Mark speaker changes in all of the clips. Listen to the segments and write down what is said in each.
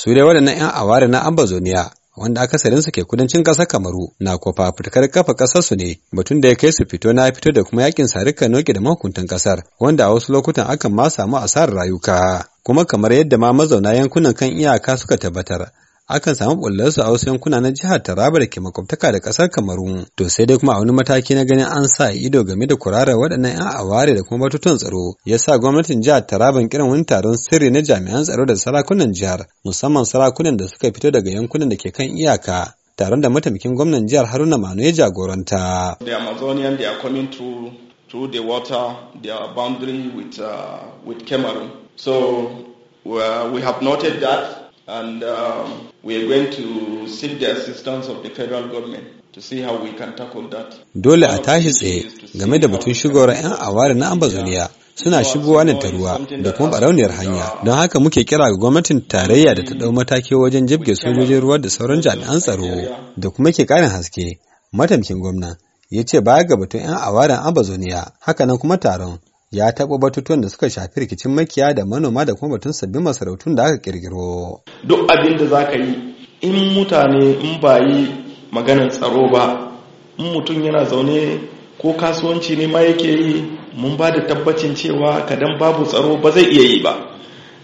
Speaker 1: su dai waɗannan 'yan aware na ambazoniya wanda akasarin su ke kudancin ƙasar kamaru na kofa fitakar kafa ƙasar su ne batun da ya kai su fito na fito da kuma yakin sarika noki da mahukuntan ƙasar wanda a wasu lokutan akan ma samu asarar rayuka kuma kamar yadda ma mazauna yankunan kan iyaka suka tabbatar akan samu bullarsu a wasu yankuna na jihar Taraba da ke makwabtaka da kasar Kamaru. To sai dai kuma a wani mataki na ganin an sa ido game da kurarar waɗannan 'yan aware da kuma batutuwan tsaro ya sa gwamnatin jihar Taraban kiran wani taron sirri na jami'an tsaro da sarakunan jihar musamman sarakunan da suka fito daga yankunan da ke kan iyaka taron da mataimakin gwamnan jihar Haruna Manu ya jagoranta.
Speaker 2: The Amazonian they are coming to through the water they are boundary with uh, with Cameroon. So uh, we have noted that and um, we are going to seek the assistance of the federal government to see how we can tackle that.
Speaker 1: Dole a tashi tsaye game da batun shigowar 'yan awari na ambazoniya suna shigowa ne ta ruwa da kuma barauniyar hanya don haka muke kira ga gwamnatin tarayya da ta ɗau mataki wajen jibge sojojin ruwa da sauran jami'an tsaro da kuma ke karin haske mataimakin gwamna ya ce baya ga batun 'yan awarin abazoniya hakanan kuma taron ya taɓa batutuwan da suka shafi rikicin makiya da manoma da kuma batun sabbin masarautun da aka ƙirƙiro.
Speaker 2: Duk abin da za ka yi in mutane in ba yi maganar tsaro ba in mutum yana zaune ko kasuwanci ne ma yake yi mun ba da tabbacin cewa kadan babu tsaro ba zai iya yi ba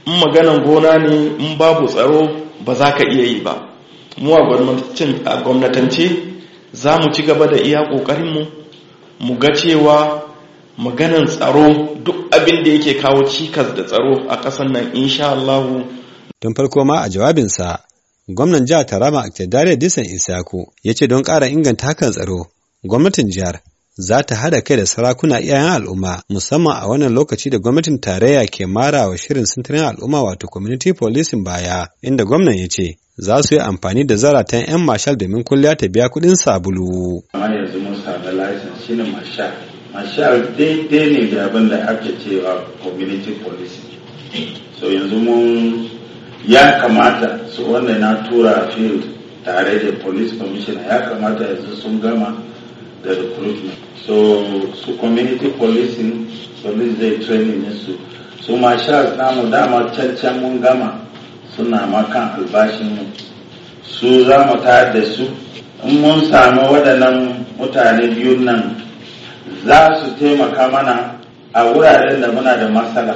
Speaker 2: in maganan gona ne in babu tsaro ba za ka iya yi ba mu a gwamnatance za mu ci gaba da iya ƙoƙarinmu mu ga cewa Maganar tsaro duk abin da yake kawo cikas da tsaro a ƙasar
Speaker 1: nan insha Allah Tun farko ma a jawabinsa, gwamnan jihar Taraba Aktadare Disan Isaku ya ce don ƙara inganta hakan tsaro, gwamnatin jihar za ta haɗa kai da sarakuna iyayen al'umma musamman a wannan lokaci da gwamnatin tarayya ke marawa shirin sintirin al'umma wato community policing baya inda gwamnan ya ce za su yi amfani da zaratan 'yan mashal domin kulliya ta biya kuɗin sabulu. Amma yanzu mun sami layisin
Speaker 3: shine mashal a sha'ar daidai ne da abin da ake cewa community policy so yanzu mun ya kamata su wanda na tura field tare da police commissioner ya kamata yanzu sun gama da recruitment so su community policing police zai training su su ma sha'ar namu dama cancan mun gama suna makan albashin su za mu tayar da su in mun samu waɗannan mutane biyun nan za su taimaka mana a wuraren da muna da matsala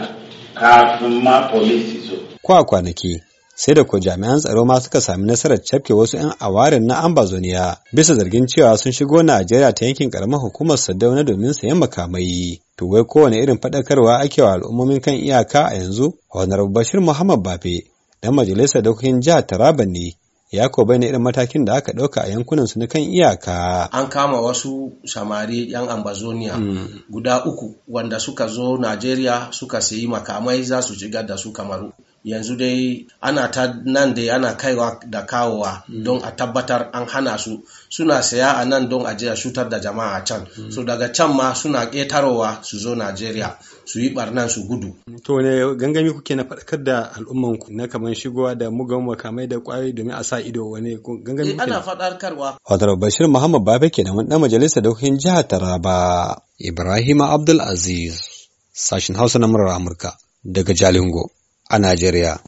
Speaker 3: kafin ma polisi zo.
Speaker 1: Kwa kwanaki sai da ko jami'an tsaro ma suka sami nasarar cafke wasu 'yan awarin na ambazoniya bisa zargin cewa sun shigo najeriya ta yankin karamar hukumar sadauna domin sayan makamai to kowane irin faɗakarwa ake wa al'ummomin kan iyaka a yanzu honorable bashir muhammad bafe dan majalisar dokokin jihar taraba ne ya ko bai irin matakin da aka ɗauka a yankunan su na kan iyaka. An
Speaker 3: kama wasu samari 'yan mm. guda uku wanda suka zo Najeriya suka sayi makamai za su shigar da su kamaru. yanzu dai ana ta nan dai ana kaiwa da kawowa mm. don a tabbatar an hana su suna saya a nan don a a shutar da jama'a can mm. so daga can ma suna ƙetarowa su zo najeriya su yi
Speaker 1: barnan su gudu to ne gangami kuke na faɗakar da al'umman ku na kamar shigowa da mugan makamai da ƙwayoyi domin a sa ido wani gangami eh, ana faɗakarwa wato bashir muhammad babe da wani dan majalisar dokokin jihar taraba ibrahima abdul aziz sashin hausa na murar amurka daga jalingo a Najeriya.